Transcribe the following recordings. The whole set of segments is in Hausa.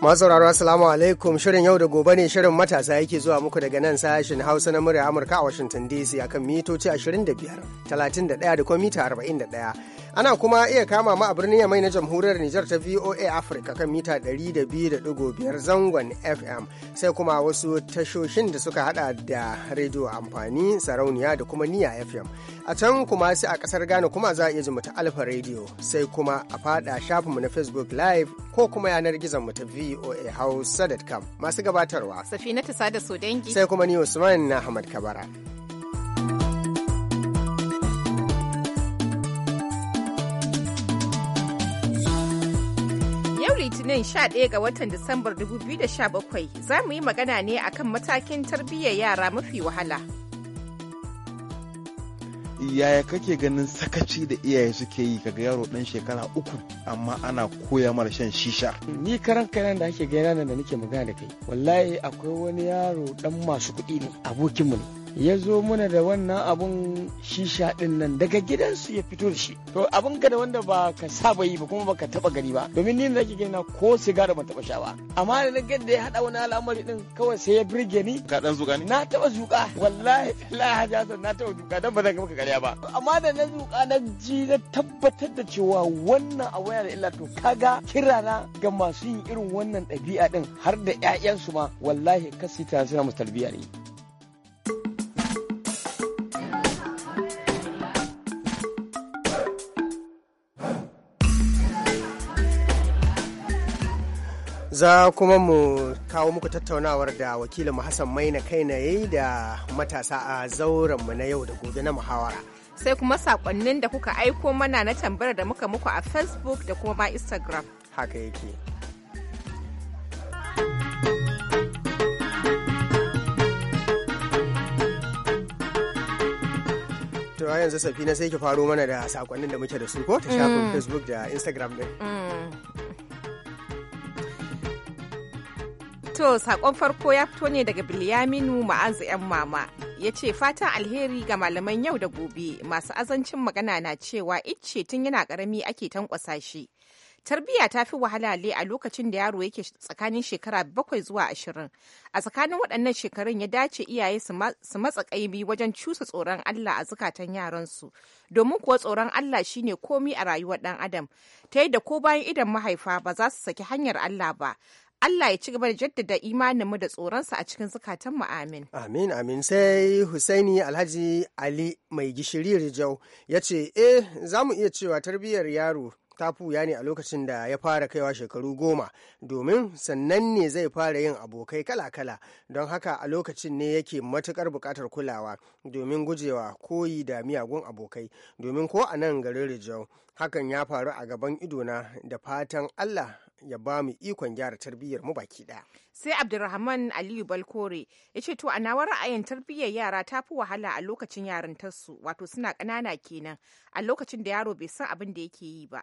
Masu sauraro Assalamu alaikum shirin yau da gobe ne shirin matasa yake zuwa muku daga nan sashen Hausa na murya Amurka a Washington DC akan mitoci 25, 31 da kuma mita 41. Ana kuma iya kama ma a birnin Yamai na Jamhuriyar Nijar ta VOA Africa kan mita 200.5 zangon FM sai kuma wasu tashoshin da suka hada da rediyo amfani sarauniya da kuma niya FM. A can kuma sai a kasar Ghana kuma za a iya mu ta Alfa Radio sai kuma a fada shafinmu na Facebook Live ko kuma yanar gizon mu ta VOA Hausa.com masu gabatarwa. Safina ta sada Sai kuma ni Usman na Ahmad Kabara. Litinin 11 ga watan Disambar 2017 za mu yi magana ne akan matakin tarbiyyar yara mafi wahala. Yaya kake ganin sakaci da iyaye suke yi kaga yaro dan shekara uku amma ana koya mara shan shisha. Ni karan kanan da ake gaina da nake magana da kai. Wallahi akwai wani yaro ɗan masu kuɗi ne abokinmu ne. ya zo mana da wannan abun shisha din nan daga gidansu ya fito da shi to abun ka da wanda ba ka saba yi ba kuma ba ka taba gani ba domin ni da ke gina ko sigara ban taba sha ba amma da na da ya hada wani al'amari din kawai sai ya birge ni ka dan zuka ne na taba zuka wallahi billahi san na taba zuka dan ba zan ga maka gariya ba amma da na zuka na ji na tabbatar da cewa wannan a waya da illa to kaga kirana ga masu yin irin wannan ɗabi'a din har da 'ya'yansu ma wallahi kasita ta suna musu tarbiyya ne za kuma mu kawo muku tattaunawar da wakilin mu Hassan Maina kaina yayi da matasa a zauren mu na yau da gobe na muhawara. Sai kuma sakonnin da kuka aiko mana na tambayar da muka muku a Facebook da kuma ma Instagram. Haka yake. to yanzu safina sai ki faro mana da sakonnin da muke da su ko ta shafin mm. facebook da instagram din mm. To sakon farko ya fito ne daga Bilyaminu Ma'azu 'yan mama. Ya ce fatan alheri ga malaman yau da gobe masu azancin magana na cewa icce tun yana karami ake tankwasa shi. Tarbiyya ta fi wahalale a lokacin da yaro yake tsakanin shekara bakwai zuwa ashirin. A tsakanin waɗannan shekarun ya dace iyaye su matsa ƙaimi wajen cusa tsoron Allah a zukatan yaransu. Domin kuwa tsoron Allah shine komi a rayuwar ɗan adam, ta yadda ko bayan idan mahaifa ba za su saki hanyar Allah ba. Allah ya ci gaba da jaddada imaninmu da tsoronsa a cikin zukatanmu amin. Amin amin sai Husaini Alhaji Ali mai gishiri Rijau ya ce eh za mu iya cewa tarbiyyar yaro ta fuya ne a lokacin da ya fara kaiwa shekaru goma domin sannan ne zai fara yin abokai kala-kala don haka a lokacin ne yake matukar buƙatar kulawa domin gujewa koyi da miyagun abokai domin ko a nan garin rijau hakan ya faru a gaban idona da fatan allah ya ba mu ikon gyara tarbiyyar mu baki ɗaya. Sai Abdulrahman Aliyu Balkore ya ce to a nawa ra'ayin tarbiyyar yara ta fi wahala a lokacin yarintarsu wato suna ƙanana kenan a lokacin da yaro bai san abin da yake yi ba.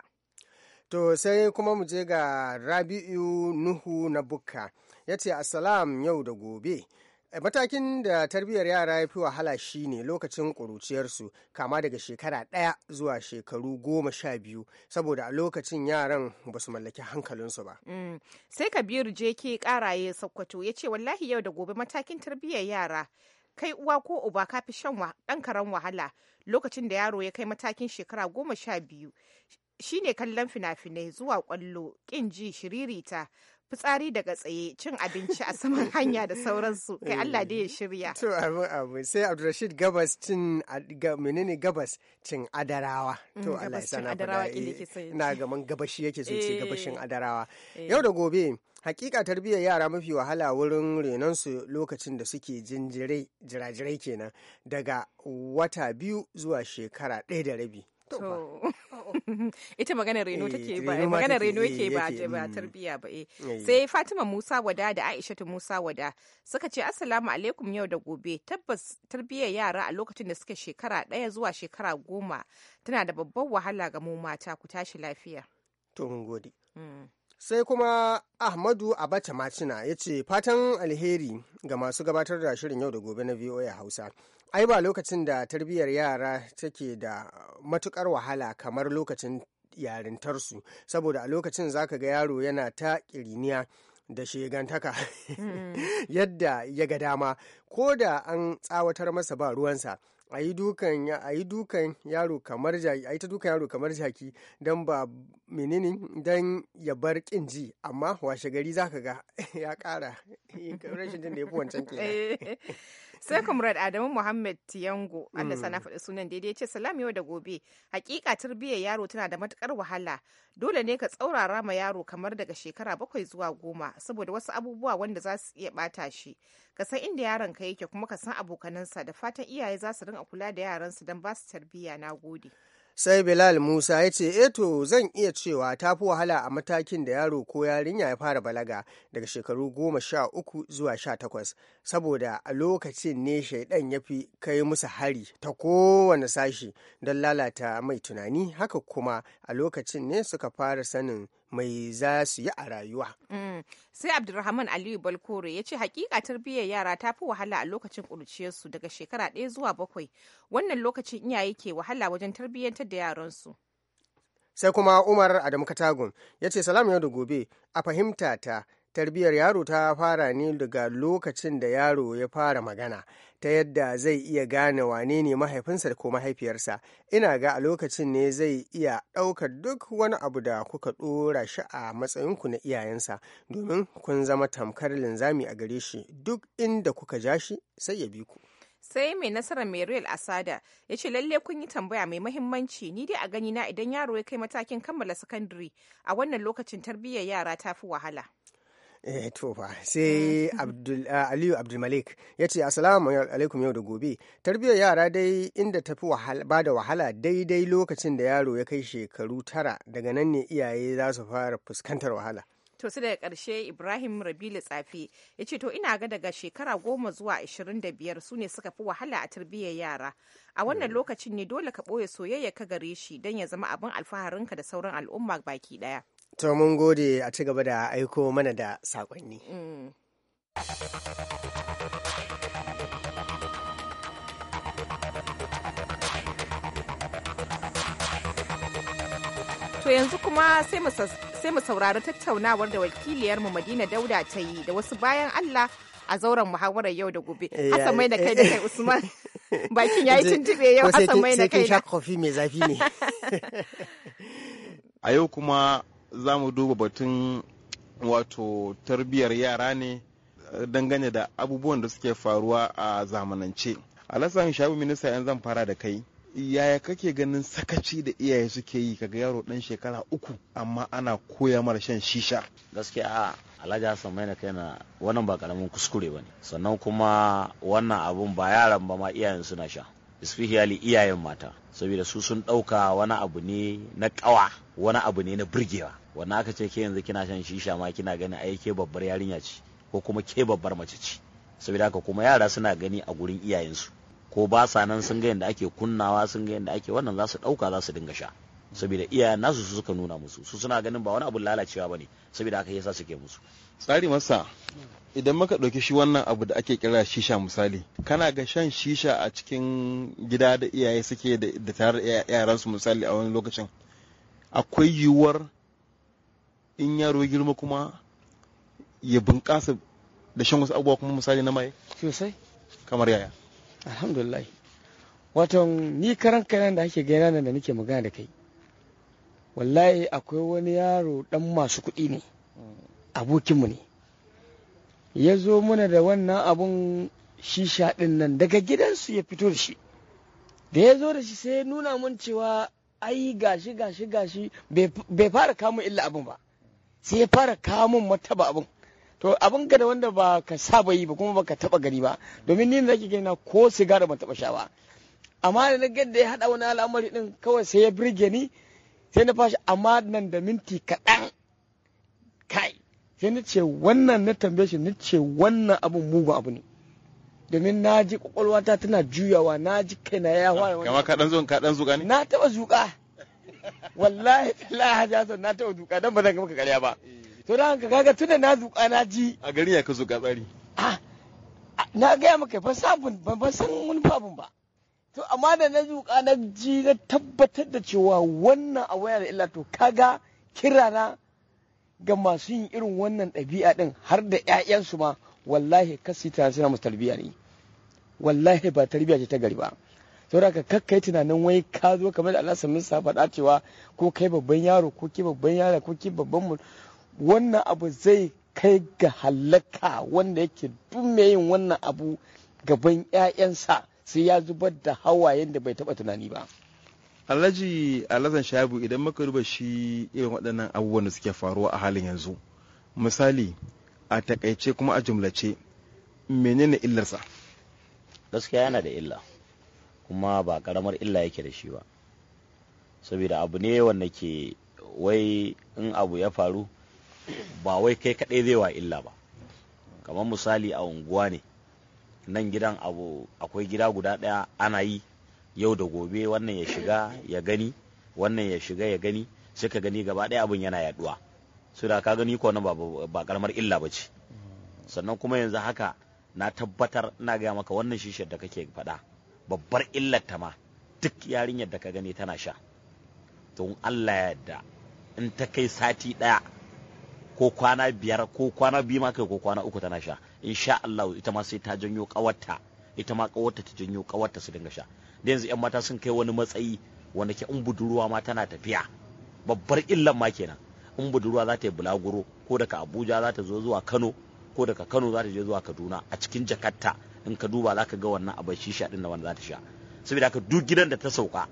To sai kuma mu je ga Rabi'u Nuhu na Bukka ya ce Assalam yau da gobe. Eh, matakin da tarbiyyar yara ya fi wahala shine lokacin ƙuruciyarsu kama daga shekara ɗaya zuwa shekaru goma sha biyu saboda a lokacin yaran ba su mallaki hankalinsu ba. Mm. sai kabiru ke karaye sokoto ya ce wallahi yau da gobe matakin tarbiyyar yara kai uwa ko uba ka fi shan ɗan karen wahala lokacin da yaro ya kai matakin shekara goma sha biyu shine kallon fina-finai zuwa ƙwallo ƙin ji shiririta fitsari daga tsaye cin abinci a saman hanya da sauransu kai eh. Allah dai ya shirya to abu abu sai Abdulrashid gabas cin menene gabas cin adarawa mm, to Allah ya sana adarawa eh, ina gaman gabashi yake so ce gabashin eh. adarawa yau da gobe hakika tarbiyyar yara mafi wahala wurin renon su lokacin da suke jinjirai jirajirai kenan daga wata biyu zuwa shekara ɗaya da rabi To. Oh, oh. Ita magana reno take eh, ba, magana reno yake eh, ba ba mm. tarbiya ba eh. Sai Fatima Musa Wada da ta Musa Wada suka ce Assalamu alaikum yau da gobe. Tabbas tarbiyyar yara a lokacin da suke shekara ɗaya zuwa shekara goma tana da babban wahala ga mu mata ku tashi lafiya. gode. Mm. Sai kuma Ahmadu Abacha Macina ya ce fatan alheri ga masu gabatar da shirin yau da gobe na VOA Hausa. ai ba lokacin da tarbiyyar yara take da matukar wahala kamar lokacin yarintarsu saboda a lokacin zaka ga yaro yana ta kiriniya da shegantaka mm. yadda ya ga dama ko da an tsawatar masa ba ruwansa a yi dukan yaro kamar jaki a yi ta dukan yaro kamar jaki don ba menene don ya bar kin ji amma washe gari zaka ga ya kara rashin jin da ya fi wancan ke sai kumrad mm. adamu muhammad tiyango allah mm. sana faɗi sunan daidai ce salam yau da gobe hakika tarbiyyar yaro tana da matukar wahala dole ne ka tsaurara ma yaro kamar daga shekara bakwai zuwa goma saboda wasu abubuwa wanda za su iya bata shi ka san inda yaron ka yake kuma ka san abokanansa da fatan iyaye za su rinka kula da yaransu don ba su tarbiyya na gode sai bilal musa ya ce eto eh zan iya cewa ta fi wahala a matakin da yaro ko yarinya ya fara balaga daga shekaru goma sha uku zuwa sha takwas saboda a lokacin ne shaidan ya fi kai musu hari ta kowane sashi don lalata mai tunani haka kuma a lokacin ne suka fara sanin mai za su yi a rayuwa. Mm. Sai Abdulrahman Aliyu Balkore ya ce hakika tarbiyyar yara ta fi wahala a lokacin ƙuruciyarsu daga shekara ɗaya zuwa bakwai. Wannan lokacin iyaye ke wahala wajen tarbiyyantar da yaransu. Sai kuma Umar Adamu Katagun ya ce salam yau da gobe a fahimta ta tarbiyar yaro ta fara ne daga lokacin da yaro ya fara magana ta yadda zai iya gane wane ne mahaifinsa ko mahaifiyarsa ina ga a lokacin ne zai iya ɗaukar duk wani abu da kuka ɗora shi a matsayinku na iyayensa domin kun zama tamkar linzami a gare shi duk inda kuka ja shi sai ya bi ku sai mai nasarar real asada ya ce lalle kun yi tambaya mai mahimmanci ni dai a gani na idan yaro ya kai matakin kammala sakandare a wannan lokacin tarbiyyar yara ta fi wahala Eh to fa sai mm. ah, Aliyu Abdulmalik ya ce assalamu alaikum yau da gobe tarbiyyar yara dai inda tafi ba da wahala daidai lokacin da yaro ya kai shekaru tara daga nan ne iyaye za su fara fuskantar wahala. To su daga karshe Ibrahim Rabilu Tsafi ya ce to ina ga daga shekara goma zuwa ashirin da biyar su ne suka fi wahala a tarbiyyar yara. A wannan mm. lokacin ne dole ka ɓoye soyayya ka gare shi don ya zama abin alfaharinka da sauran al'umma baki ɗaya. To mun gode a ci gaba da aiko mana da saƙonni. Mm. To yanzu kuma sai mu saurari tattaunawar da wakiliyarmu Madina Dauda ta yi da wasu bayan Allah a zauren muhawarar yau da gobe. Eh, Hassan mai da kai da kai Usman. Bakin ya yi tuntube yau Hassan mai da kai. Sai kin sha kofi mai zafi ne. A yau kuma za mu duba batun wato tarbiyyar yara ne eh, dangane da abubuwan da suke faruwa a zamanance alasan shabu minista yan zan fara da kai yaya kake ganin sakaci da iyaye suke yi kaga yaro dan shekara uku amma ana koya mara shan shisha gaskiya alhaji hassan mai na kaina wannan ba karamin kuskure ba ne sannan kuma wannan abun ba yaran ba ma iyayen suna sha especially iyayen mata saboda su sun ɗauka wani abu ne na ƙawa wani abu ne na burgewa wannan aka ce ke yanzu kina shan shisha ma kina ganin ai ke babbar yarinya ce ko kuma ke babbar mace ce saboda haka kuma yara suna gani a gurin iyayensu ko ba sa nan sun ga yadda ake kunnawa sun ga yadda ake wannan za su ɗauka za su dinga sha saboda iyayen nasu su suka nuna musu su suna ganin ba wani abu lalacewa ba ne saboda haka yasa suke musu tsari masa idan muka ɗauki shi wannan abu da ake kira shisha misali kana ga shan shisha a cikin gida da iyaye suke da tare yaransu misali a wani lokacin akwai yiwuwar in yaro girma kuma ya bunƙasa da shan wasu abubuwa kuma misali na maye sosai kamar yaya alhamdulillah waton ni karan kanan da ake gaina nan da nake magana da kai wallahi akwai wani yaro dan masu kuɗi ne abokinmu ne ya zo mana da wannan abun shisha ɗin nan daga gidansu ya fito da shi da ya zo da shi sai ya nuna mun cewa ai gashi gashi gashi bai fara kamun illa abin ba sai ya fara kamun martaba abin to abin ka da wanda ba ka saba yi ba kuma ba ka taba gani ba domin ni zaki gani na ko sigara ban taba sha ba amma da na gadda ya haɗa wani al'amari din kawai sai ya birge ni sai na fashi amma nan da minti kaɗan kai sai na ce wannan na tambaye shi na ce wannan abin mugu abu ne domin na ji kwakwalwata tana juyawa na ji kaina ya fara wani kama ka dan zuka dan zuka ne na taba zuka wallahi billahi hajasan na taba zuka dan ba zan ga maka ƙarya ba to dan hanka kaga tunda na zuka na ji a gari ya ka zuka tsari ah, na gaya maka ban sabon ban san wani babun ba to amma da na zuka na ji na tabbatar da cewa wannan a wayar illa to kaga kirana ga masu yin irin wannan ɗabi'a ɗin har da 'ya'yansu ma wallahi kasi ta suna musu tarbiya ne wallahi ba tarbiya ce ta gari ba saboda ka kakkai tunanin wai ka zo kamar da Allah min sa faɗa cewa ko kai babban yaro ko ke babban yaro ko ke babban mu wannan abu zai kai ga halaka wanda yake dumme yin wannan abu gaban 'ya'yansa sai ya zubar da hawayen da bai taɓa tunani ba. alhaji alhazan shabu idan muka duba shi irin waɗannan abubuwan da suke faruwa a halin yanzu misali a takaice kuma a jumlace menene illarsa gaskiya yana da illa kuma ba karamar illa yake da shi ba saboda abu ne wanda ke wai in abu ya faru ba wai kai kaɗai zai wa illa ba kamar misali a unguwa ne nan gidan abu akwai gida guda ɗaya ana yi yau da gobe wannan ya shiga ya gani wannan ya shiga ya gani sai ka gani gaba ɗaya abin yana yaduwa su da ka gani ko nan ba karamar illa ba ce sannan kuma yanzu haka na tabbatar ina gaya maka wannan shishiyar da kake faɗa babbar illar ta ma duk yarinyar da ka gani tana sha to Allah ya yarda in ta kai sati ɗaya ko kwana biyar ko kwana biyu ma ko kwana uku tana sha insha Allah ita ma sai ta janyo kawarta ita ma kawarta ta janyo kawarta su dinga sha da yanzu 'yan mata sun kai wani matsayi wanda ke in budurwa ma tana tafiya babbar illan ma kenan in budurwa za ta yi bulaguro ko daga abuja za ta zo zuwa kano ko daga kano za ta je zuwa kaduna a cikin jakarta in ka duba za ka ga wannan abin shisha din da wanda za ta sha saboda haka duk gidan da ta sauka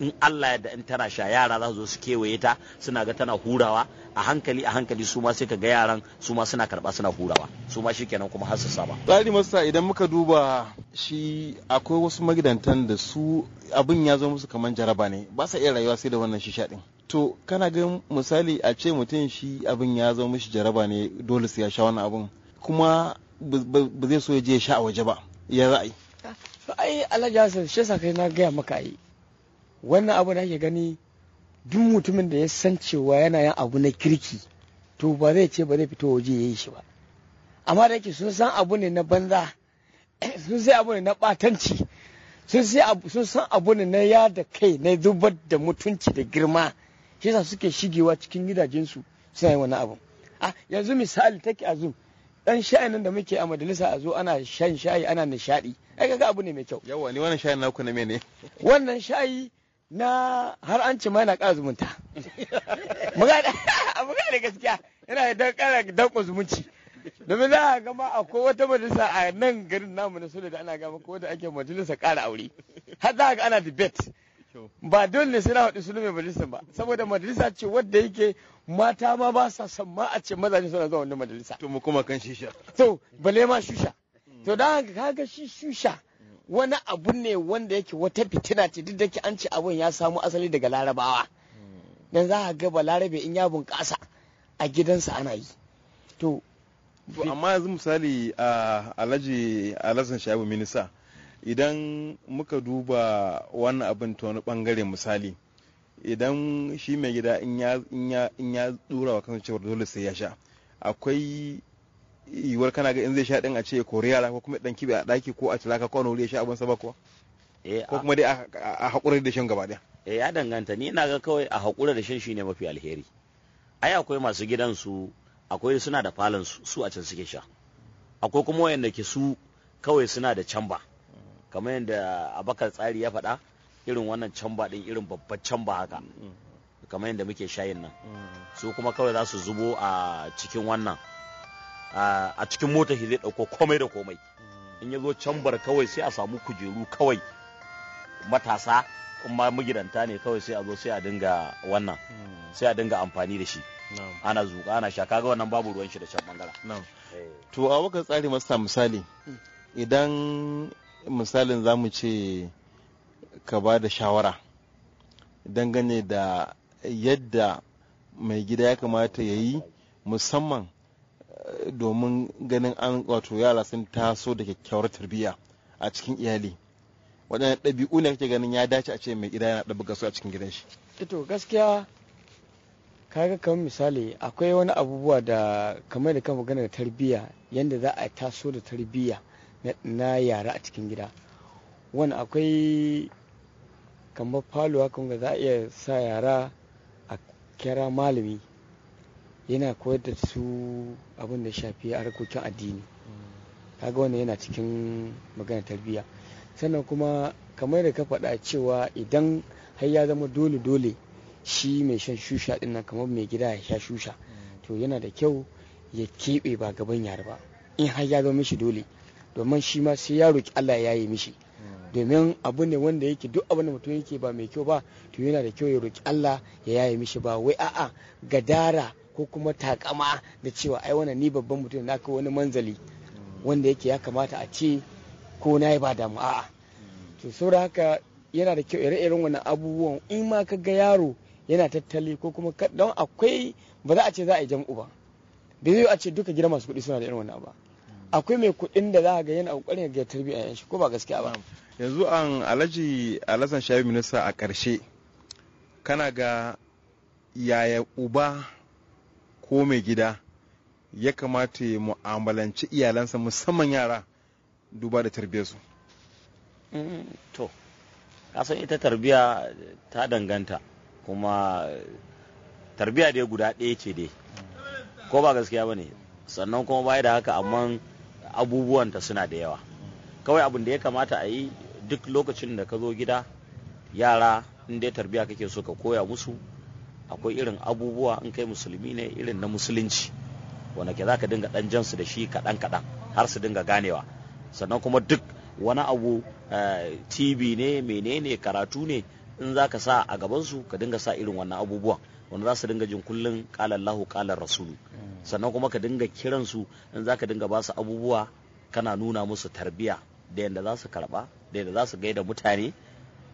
in Allah ya da in tana sha yara za su zo su kewaye ta suna ga tana hurawa a hankali a hankali su ma sai ka ga yaran su ma suna karba suna hurawa su ma shikenan kuma har su saba tsari masa idan muka duba shi akwai wasu magidantan da su abin ya zo musu kamar jaraba ne ba sa iya rayuwa sai da wannan shisha din to kana ga misali a ce mutum shi abin ya zo mishi jaraba ne dole sai ya sha wannan abin kuma ba zai so ya je ya sha a waje ba ya ra'ayi ai alhaji hasan shi sa kai na gaya maka ai wannan abu da ake gani duk mutumin da ya san cewa yana yin abu na kirki to ba zai ce ba zai fito waje ya yi shi ba amma da yake sun san abu ne na banza sun sai abu ne na batanci sun san abu ne na ya da kai na zubar da mutunci da girma shi yasa suke shigewa cikin gidajensu suna yin wani abu a ah, yanzu misali take a zo dan shayi nan da muke a majalisa a zo ana shan shayi ana nishadi ai kaga abu ne mai kyau yawa ni wannan shayi naku na mene wannan shayi na har an ci mana yana ƙara zumunta magana da gaskiya yana da ƙara danƙon zumunci domin za a gama akwai wata majalisa a nan garin namu na sule da ana gama ko da ake majalisa ƙara aure har za a ga ana debate ba dole ne sai na haɗu sule mai majalisa ba saboda majalisa ce wadda yake mata ma ba sa son ma a ce mazaje suna zuwa wani majalisa to mu kuma kan shisha to bale ma shusha to don haka kaga shi shusha wani abu ne wanda yake wata fitina ce duk da ke an ce abun ya samu asali daga larabawa dan za a ga balarabe in ya bunƙasa a gidansa ana yi to amma yanzu misali a alhaji alhassan shabu minista idan muka duba wannan abin ta wani bangare misali idan shi mai gida in ya tsura wa kansa cewar dole sai ya sha akwai yiwuwar kana ga in zai sha din a ce kori yara ko kuma dan kibe a daki ko a tilaka ko wuri ya sha abin sa eh, ko kuma dai a haƙura da shan gaba ɗaya eh, ya danganta ni na ga kawai a haƙura da shan shine mafi alheri ai akwai masu gidansu akwai suna da falon su a can suke sha akwai kuma wayanda ke su kawai suna da camba kamar yadda abakar tsari ya faɗa irin wannan camba din irin babbar camba haka mm-hmm. kamar yadda muke shayin nan mm-hmm. su kuma kawai za su zubo a cikin wannan a cikin mota shi zai ɗauko komai da komai in ya zo cambar kawai sai a samu kujeru kawai matasa kuma magidanta ne kawai sai a zo sai a dinga wannan sai a dinga amfani da shi ana zuƙa ana sha kaga wannan babu ruwan shi da can bangara eh. to a waka tsari masa misali idan misalin za mu ce ka ba da shawara dangane da yadda mai gida ya kamata ya yi musamman domin ganin an wato yara sun taso da kyakkyawar tarbiyya a cikin iyali waɗannan ɗabi'u ne kake ganin ya dace a ce mai gida yana ɗabi gasu a cikin gidan shi ito eh gaskiya kaga kamar misali akwai wani abubuwa da kamar da kan da tarbiyya yadda za a taso da tarbiyya na yara a cikin gida wani akwai kamar faluwa kuma za a iya sa yara a kira malami yana koyar da su abin da shafi harkokin addini kaga wannan yana cikin magana tarbiyya sannan kuma kamar da ka faɗa cewa idan har ya zama dole dole shi mai shan shusha dinnan kamar mai gida ya sha shusha to yana da kyau ya keɓe ba gaban yara ba in har ya zama mishi dole domin shi ma sai ya roki Allah ya yi mishi domin abu ne wanda yake duk abin da mutum yake ba mai kyau ba to yana da kyau ya roki Allah ya yaye mishi ba wai a'a gadara ko kuma takama da cewa ai wannan ni babban mutum na kai wani manzali wanda yake ya kamata a ce ko na yi ba damu a'a to saboda haka yana da kyau ire-iren wannan abubuwan in ma ka ga yaro yana tattali ko kuma don akwai ba za a ce za a yi jam'u ba da zai a ce duka gida masu kuɗi suna da irin wannan ba akwai mai kuɗin da za a ga yana kokarin ga tarbiyya yan shi ko ba gaskiya ba yanzu an um, alhaji alhassan shabi minista a ƙarshe kana ga yaya uba ko mai gida ya kamata ya mu'amalanci iyalansa musamman yara duba da tarbiyarsu mm, to kasan ita tarbiyya ta danganta kuma tarbiya dai guda ɗaya ce dai ko ba gaskiya ba ne sannan kuma baya da haka amma abubuwanta suna da yawa kawai abin da ya kamata a yi duk lokacin da ka zo gida yara in dai tarbiya kake so ka koya musu akwai irin abubuwa in kai musulmi ne irin na musulunci wanda ke za ka dinga ɗan jansu da shi kaɗan kaɗan har su dinga ganewa sannan kuma duk wani abu eh, tv ne menene karatu ne in za ka sa a gabansu ka dinga sa irin wannan abubuwan wanda za su dinga jin kullum kalallahu kalar rasulu sannan kuma ka dinga kiransu in za ka dinga ba su abubuwa kana nuna musu tarbiya da yadda za su karba da yadda za su gaida mutane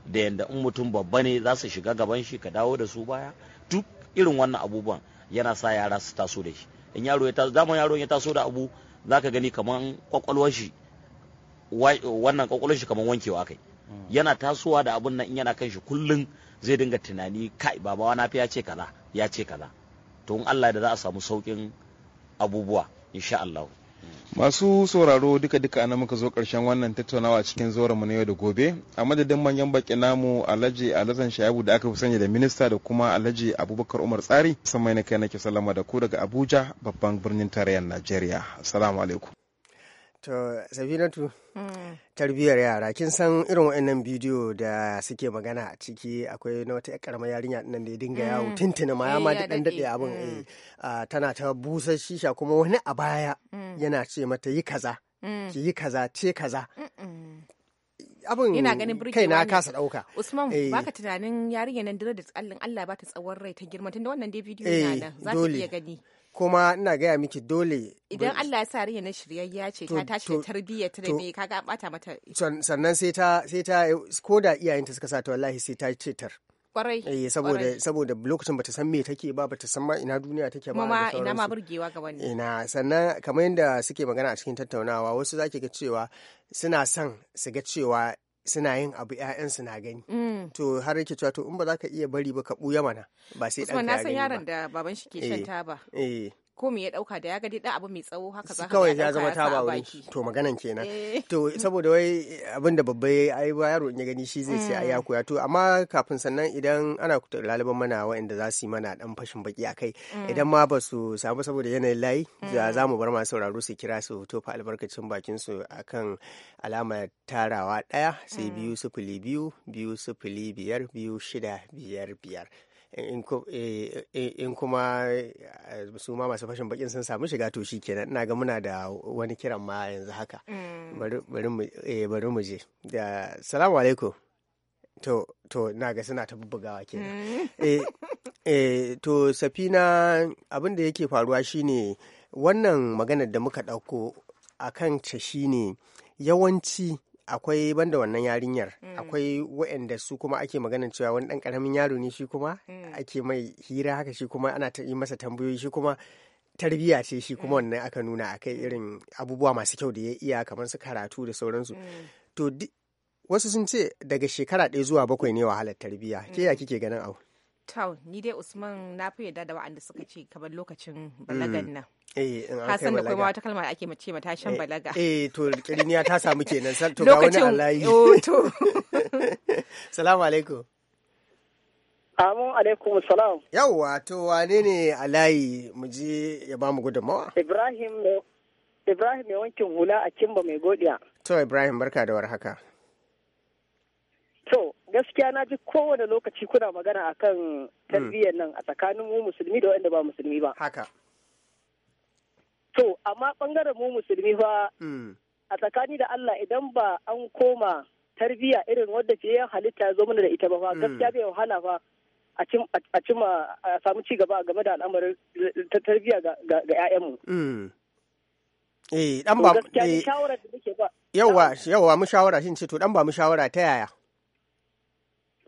da yadda in mutum babba ne za su shiga gaban shi ka dawo da su baya irin wannan abubuwan yana sa yara su taso da shi in yaro ya taso dama yaro ya taso da abu zaka gani kaman kwakwalwar shi wannan kwakwalwar shi kaman wankewa kai hmm. yana tasowa da abun nan in yana kan shi kullun zai dinga tunani kai babawa na fi ya ce kaza ya ce kaza to in Allah da za a samu saukin abubuwa insha Allah masu sauraro duka-duka ana muka zo karshen wannan tattaunawa cikin mu na yau da gobe a madadin manyan baki namu alhaji alhassan shayabu da aka fi sanya da minista da kuma alhaji abubakar umar tsari samai na kai nake sallama da ku daga abuja babban birnin tarayyar najeriya assalamu alaikum To, sabinatu mm. tarbiyyar yara, kin san irin waɗannan bidiyo da suke magana a ciki akwai na wata ƙaramar yarinya nan da ya dinga yawo hmm. tintina ma ya ma da eh, ɗan daɗe abin hmm. eh. ah, tana ta busar shisha kuma wani a baya hmm. yana ce mata yi kaza, ki yi kaza, ce kaza. abin ganin kai na kasa dauka Usman hey. Eh. baka tunanin yarinya nan da tsallin Allah ba ta tsawon rai ta girma tunda wannan dai bidiyo na nan za ta iya gani kuma ina gaya miki dole idan Allah ya sa riya na shiryayya ce ta tashi da tarbiyya ta da me kaga bata mata sannan sai ta sai ta ko da iyayenta suka sa ta wallahi sai ta ce tar eh, kwarai saboda saboda lokacin bata san me take ba bata san ma ina duniya take ba ina ma burgewa ga wani ina sannan kamar yadda suke magana a cikin tattaunawa wasu zaki ga cewa suna son su ga cewa suna yin abu ƴaƴansu na gani mm. to har yake cewa to in ba za ka iya bari ba ka buya mana ba sai dan ka na san yaron da baban shi ke shan eh. taba eh ko me ya dauka da ya ga dai abu mai tsawo haka za ka kawai ya zama ta ba to maganan kenan eh. to saboda wai abinda da babba ya ai ba yaro in ya gani shi zai sai ai ya mm. koya to amma kafin sannan idan ana laliban mana waɗanda za su yi mana dan fashin baki akai mm. idan ma ba su samu saboda yanayin layi mm. za mu bar masu sauraro su kira su fa albarkacin bakin su akan alama tarawa ɗaya sai biyu sifili biyu biyu sifili biyar biyu shida biyar biyar Eh, eh, in kuma eh, su ma masu fashin bakin sun samu shiga to shi kenan ina ga muna da wani kiran ma yanzu haka mm. bari mu je da salamu alaikum to to na ga suna ta bubbugawa kenan mm. eh to safina abinda yake faruwa shine wannan maganar da muka ɗauko akan ta shine yawanci akwai banda wannan yarinyar mm. akwai waɗanda su kuma ake magana cewa wani ɗan ƙaramin yaro ne shi kuma mm. ake mai hira haka shi kuma ana ta yi masa tambayoyi shi kuma tarbiyya ce shi kuma mm. wannan aka nuna akai irin abubuwa masu kyau da ya iya kamar su karatu da sauransu to wasu sun ce daga shekara ɗaya zuwa bakwai ne wahalar tarbiyya ke ya kike ganin abu town ni dai usman na fi yarda da wa'anda suka ce kamar lokacin mm. balagan nan eh, ka san da kuma wata kalma da ake mace shan eh, balaga eh to kiriniya ta samu kenan san to ga wani alayi oh, to salamu alaikum Amu alaikum salam. Yawwa to wane ne alayi mu je ya ba mu gudunmawa? Ibrahim Ibrahim mai wankin hula a Kimba mai godiya. To Ibrahim barka da warhaka. To gaskiya na ji kowane lokaci kuna magana a kan tarbiyyar nan a tsakanin mu musulmi da waɗanda ba musulmi ba. Haka. To, amma ɓangaren mu musulmi fa mm. a tsakani da Allah idan ba an koma tarbiyya irin wadda yin halitta ya zo mana da ita ba fa mm. gaskiya bai wahala fa a cima a samu ci gaba game da al'amarin tarbiyya ga 'ya'yanmu. Mm. Eh, dan ba. Gaskiya eh, shawara da nake ba. Yawwa, yawwa mu shawara shin ce to dan ba mu shawara ta yaya?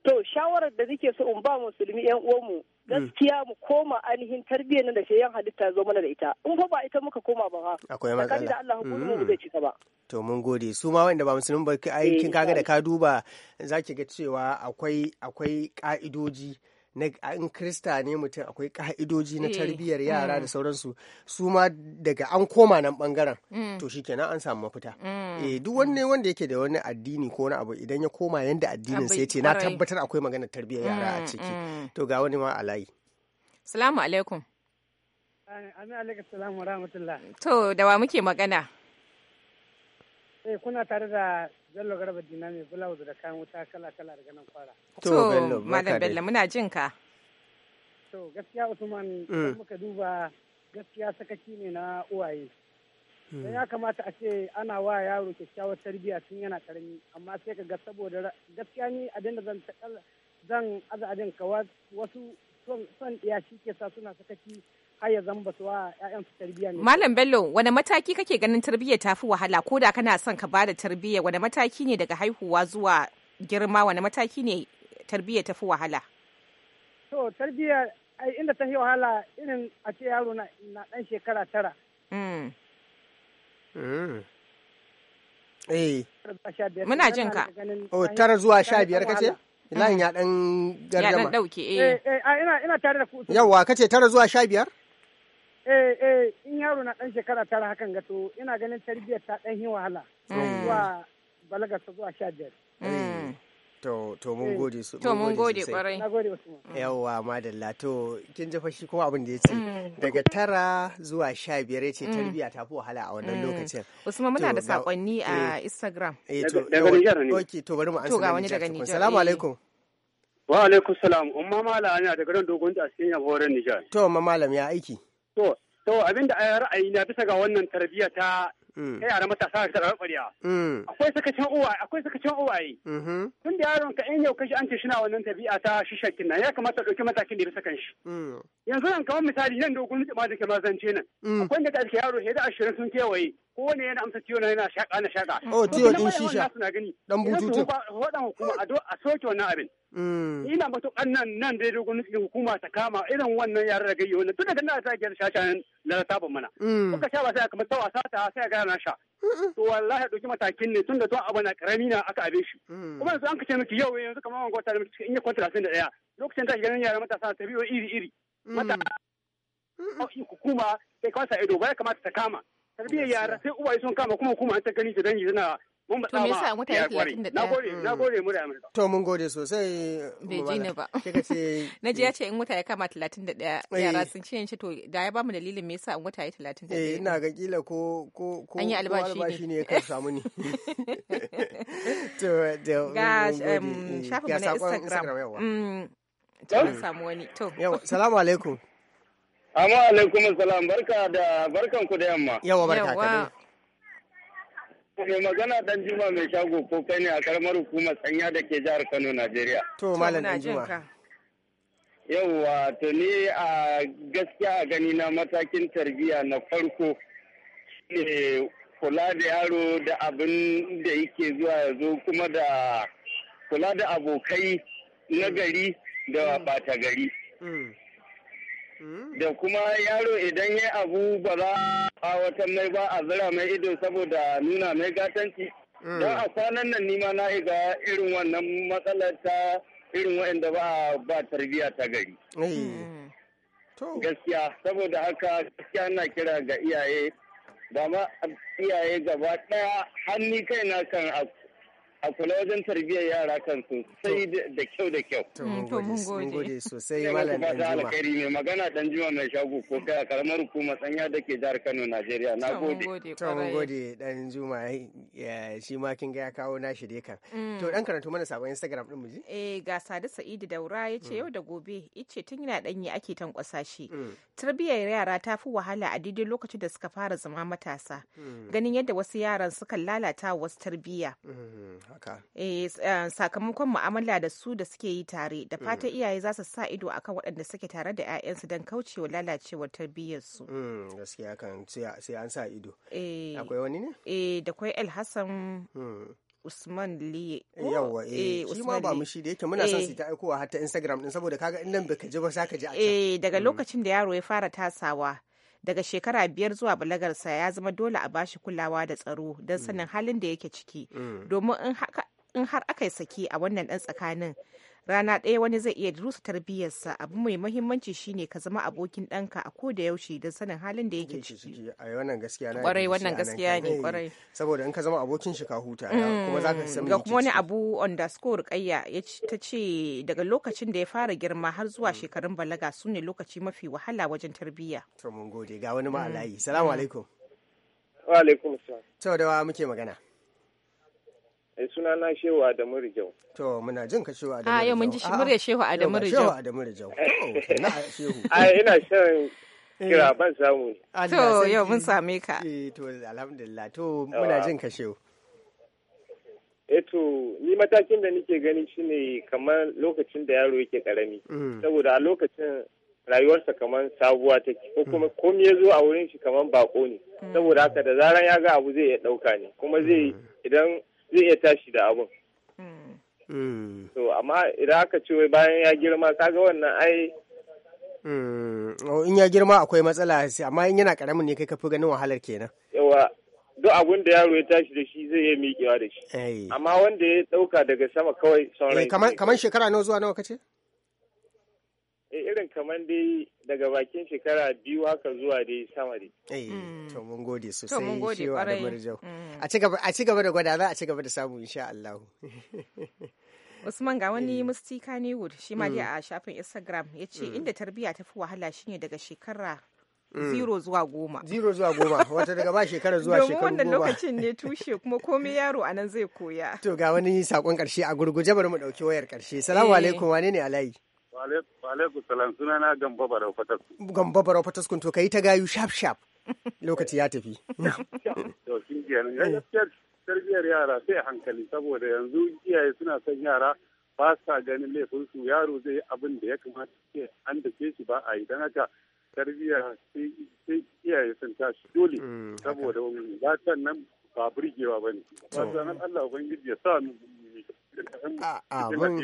To shawarar da nake so in ba musulmi yan uwanmu mm. gaskiya mu koma ainihin tarbiyyar nan da yan halitta zo mana da ita. In fa ba ita muka koma ba ha. Akwai matsala. da Allah hukumu mm. zai ci gaba. To mun gode. Su ma wanda ba musulmi ba kin eh, kaga da ka duba zaki ga cewa akwai akwai ka'idoji. na in krista ne mutum akwai ka'idoji na eh. tarbiyyar yara da mm. sauransu su ma daga an koma nan bangaren mm. to shikenan an samu mafita mm. eh duk wanne wanda yake da wani addini ko wani abu idan ya koma yanda addinin sai ce na tabbatar akwai maganar tarbiyyar yara a ciki to ga wani ma alayi salamu alaikum Amin alaikum salamu rahmatullah. To, da wa muke magana? Eh, kuna tare da Bello Garba Dina mai bulawus da kayan wuta kala-kala daga nan fara. To, Malam Bello, muna jin ka. To, gaskiya Usman, mm. muka duba gaskiya sakaci ne na uwaye. dan mm. ya kamata a ce ana wa yaro kyakkyawar tarbiyya tun yana karami, amma sai ka ga saboda gaskiya ni abin da zan zan aza ka wasu son ɗiya shi ke sa suna sakaci har ya zama basu wa ƴaƴan su tarbiyya ne malam bello wani mataki kake ganin tarbiyya fi wahala ko da kana son ka bada tarbiyya wani mataki ne daga haihuwa zuwa girma wani mataki ne tarbiyya fi wahala to tarbiyya inda ta fi wahala irin a ce yaro na dan shekara tara mm. Mm. Eh. Muna jin ka. Oh, tara zuwa sha biyar kace? Ina ya dan gargama. Ya dan dauke eh. Eh, eh ina ina tare da ku. Yawwa kace tara zuwa sha biyar? eh eh in yaro na dan shekara tara hakan ga to ina ganin tarbiyya ta dan yi wahala mm. zuwa balaga ta zuwa sha biyar mm. to to mun eh. gode su to mun gode kwarai mm. yawa madalla to kin ji shi kuma abin da yace daga tara zuwa sha biyar yace tarbiyya ta fi wahala a wannan lokacin usman muna da sakonni a eh. instagram eh to daga ne okay to bari mu ansa to ga wani daga Nijar assalamu eh. alaikum wa alaikum salam umma mala anya daga ran dogon da asiya horon Nijar. to umma malam ya aiki To, to abin da eh, ra'ayi na bisa ga wannan tarbiyya ta mm. ta yara matasa ga tsara ƙwarya. Mm. Akwai sakacin uwaye, akwai sakacin uwaye. Mm-hmm. Tun da yaron ka in yau kashi an ce shi na wannan tabi'a ta shishakin nan ya kamata ɗauki matakin da ya bisa kan shi. Mm. Yanzu nan kamar misali nan dogon gwamnati ma da ke mazance nan. Akwai da ƙarfi yaro da ashirin sun kewaye. kowane yana amsa ciwo yana shaƙa na shaƙa. Oh, tiyo ɗin shisha. Ɗan bututu. hukuma a soke wannan abin. Mm. ina matuƙan nan nan dai dogon nufi hukuma ta kama irin wannan yaran da gayyo na tun daga na sa gyara shashayen lalata ban mana kuka mm. sha ba sai kamar ta wasa ta sai ga na sha to wallahi doki matakin ne tun da to abu na karami na aka abe shi mm. kuma yanzu an kace miki yau yanzu kamar wanga wata miki in ya da daya lokacin ta ganin yaran matasa ta biyo iri iri mata hukuma sai kawai sa ido ba ya kamata ta kama tarbiyyar yara sai uwaye sun kama kuma hukuma ta gani ta dangi tana mun ba sama ya kware na gode na mm. gode mu da amurka to mun gode sosai bai ji ni ba kika ce na ji ya ce in wuta ya kama 31 eh. yara sun ce shi to da ya bamu dalilin me yasa in wuta ya 31 eh ina ga kila ko ko ko albashi ne ya samu ni to da ga um, shafin na instagram mm ta samu wani to yawa salamu alaikum Amma alaikum salam barka da barkan ku da yamma. Yawa barka ka Mai magana dan Juma mai shago ko kai ne a karamar hukumar sanya da ke jihar Kano, Najeriya. To, Malam Juma. Yauwa, to ni a gaskiya a gani na matakin tarbiyya na farko ne kula da yaro da abin da yake zuwa ya kuma da kula da abokai na gari da mm. ta gari. Mm. da kuma yaro idan ya abu ba za a watan mai ba a zira mai ido saboda nuna mai gatanci mm. don a kwanan nan nima na iga irin wannan matsalar ta irin waɗanda ba ba tarbiyya ta gari oh. mm. gaskiya saboda haka gaskiya na kira ga iyaye ba ma iyaye gaba ɗaya hannu kai na kan a kula wajen tarbiyyar yara kansu sai da kyau da kyau. To mun mm, gode sosai malam Danjuma. alkhairi ne magana Danjuma mai shago ko kai a karamar hukumar sanya da ke jihar Kano Najeriya na gode. To mun gode Danjuma shi ma kin ga ya kawo nashi dai kan. Mm. To dan karatu mana sabon Instagram din mu ji. Eh ga Sadi Sa'idu Daura ya ce mm. yau da gobe ce tun yana danyi ake tankwasa shi. Tarbiyyar yara ta fi wahala a daidai lokacin da suka fara zama matasa. Ganin yadda wasu yaran suka lalata wasu tarbiyya. haka eh, eh sakamakon mu'amala da su da suke yi tare da mm. fatan iyaye za su sa ido akan waɗanda suke tare da 'ya'yansu don kaucewa lalacewar tarbiyyar su mm, gaskiya kan sai an sa ido eh, akwai wani ne eh da kwai el hassan mm. Usman Liye. Yawwa eh, eh shi ma ba mu shi da yake muna son su ta aikowa har ta Instagram din saboda kaga in nan baka ji ba ka ji a can. Eh daga lokacin da yaro ya fara tasawa daga shekara biyar zuwa balagarsa ya zama dole a bashi kulawa da tsaro don sanin mm. halin da yake ciki mm. domin in har aka yi saki a wannan ɗan tsakanin rana ɗaya wani zai iya rusa tarbiyyarsa abu mai mahimmanci shine ka zama abokin ɗanka a ko da yaushe don sanin halin da yake ciki a wannan kwarai wannan gaskiya ne kwarai saboda in ka zama abokin shi ka huta mm. kuma za ka san ga kuma wani abu underscore kayya ta ce daga lokacin da ya fara girma har zuwa mm. shekarun balaga su ne lokaci mafi wahala wajen tarbiyya to mun gode ga wani ma'alayi mm. salamu alaikum wa alaikum salam to da muke magana Eh, suna na Shehu Adamu Rijau. To, muna jin ka Shehu Adamu Rijau. Ah, a yau mun ji murya Shehu Adamu Rijau. Shehu Adamu Rijau. To, na Shehu. A ah, ina shan eh. kira ban samu. To, yau mun same ka. Eh, to, alhamdulillah. To, muna jin ka Shehu. eto eh, ni matakin da nake gani shine kamar lokacin da yaro yake karami mm. saboda a lokacin rayuwarsa kamar sabuwa take ko kuma mm. komai ya zo a wurin shi kamar bako ne mm. saboda haka da zaran ya ga abu zai ya ɗauka ne kuma zai idan zai iya tashi da abin. Hmm. amma idan aka ce wai bayan ya girma kaga wannan ai hmm. oh, in ya girma akwai matsala amma in yana karamin ne kai ka fi ganin wahalar kenan yawa duk abin da yaro ya tashi da shi zai iya miƙewa da shi eh. amma wanda ya ɗauka daga sama kawai sauran eh, kamar shekara nawa zuwa nawa kace Eh, irin kamar dai daga bakin shekara biyu haka zuwa dai sama Eh, mm. to mun gode sosai shi da murjau. Mm. A ci gaba da gwada za a ci gaba da samu insha Allah. Usman ga wani eh. Musti Kanewood shi ma mm. a shafin Instagram ya ce inda tarbiyya ta fi wahala shine daga shekara zero zuwa goma. Zero zuwa goma, wata daga ba shekara zuwa shekaru goma. Domin wannan lokacin ne tushe kuma komai yaro a nan zai koya. To ga wani sakon karshe a gurguje bari mu ɗauki wayar karshe. Salamu eh. alaikum wane ne alayi? Alaikum salam suna na gamba barau fataskun. to kai ta gayu shaf shaf lokaci ya tafi. tarbiyyar yara sai hankali saboda yanzu iyaye suna son yara ba sa ganin laifinsu yaro zai abin da ya kamata ce an da shi ba a yi don haka tarbiyya sai iyaye sun tashi dole mm, saboda wani nan ba burgewa ba ne. Ba Allah Ubangiji ya sa Amin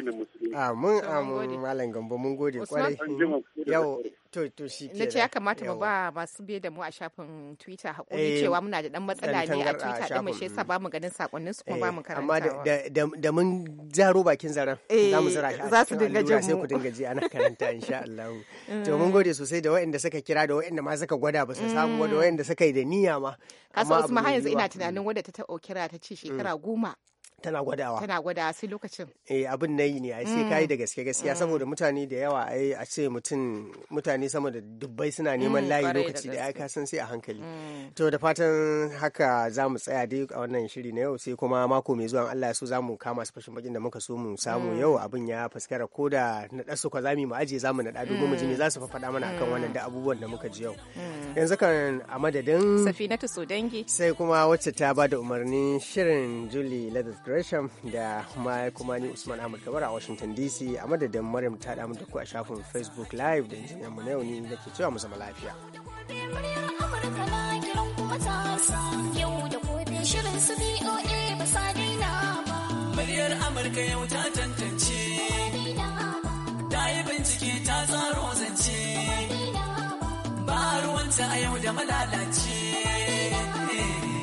amin Malam Gambo mun gode kwarai. Yau to to shi ke. Nace ya kamata mu ba masu biye da mu a shafin Twitter hakuri eh, cewa muna da dan matsala ne a Twitter din mu shi yasa ba mu ganin sakonnin su kuma ba mu karanta. Eh, amma da mun jaro bakin zaran za mu eh, zira shi. Za su dinga jin mu. Sai ku dinga ji ana karanta insha Allah. To mun gode sosai da waɗanda suka kira da waɗanda ma suka gwada ba su samu da mm. waɗanda suka yi da niyya ma. Kasa Usman har yanzu ina tunanin wadda ta ta kira ta ce mm. shekara goma tana gwadawa tana gwadawa sai lokacin eh abin nayi ne ai sai kai mm. da gaske gaskiya mm. saboda mutane da yawa ai a ce mutum mutane sama da dubbai suna neman mm, layi lokaci da ai san sai a hankali to da fatan haka za mu tsaya dai a wannan shiri na yau sai kuma mako mai zuwa Allah ya so za mu kama su fashin bakin da muka so mu samu yau abin ya fuskara ko da na dasu ka zami mu aje za mu naɗa domin mu ji me za su faɗa mana akan wannan da abubuwan da muka ji yau yanzu kan a madadin safinatu sodangi sai kuma wacce ta ba da umarnin shirin Julie Ladis gresham da ma kuma ni usman ahmad kabar a washington dc a madadin maryam ta mu da ku a shafin facebook live da injiniyan mu na yau ne nake cewa mu zama lafiya Muryar Amurka yau ta tantance, ta yi bincike ta tsaro zance, ba ruwanta a yau da malalace.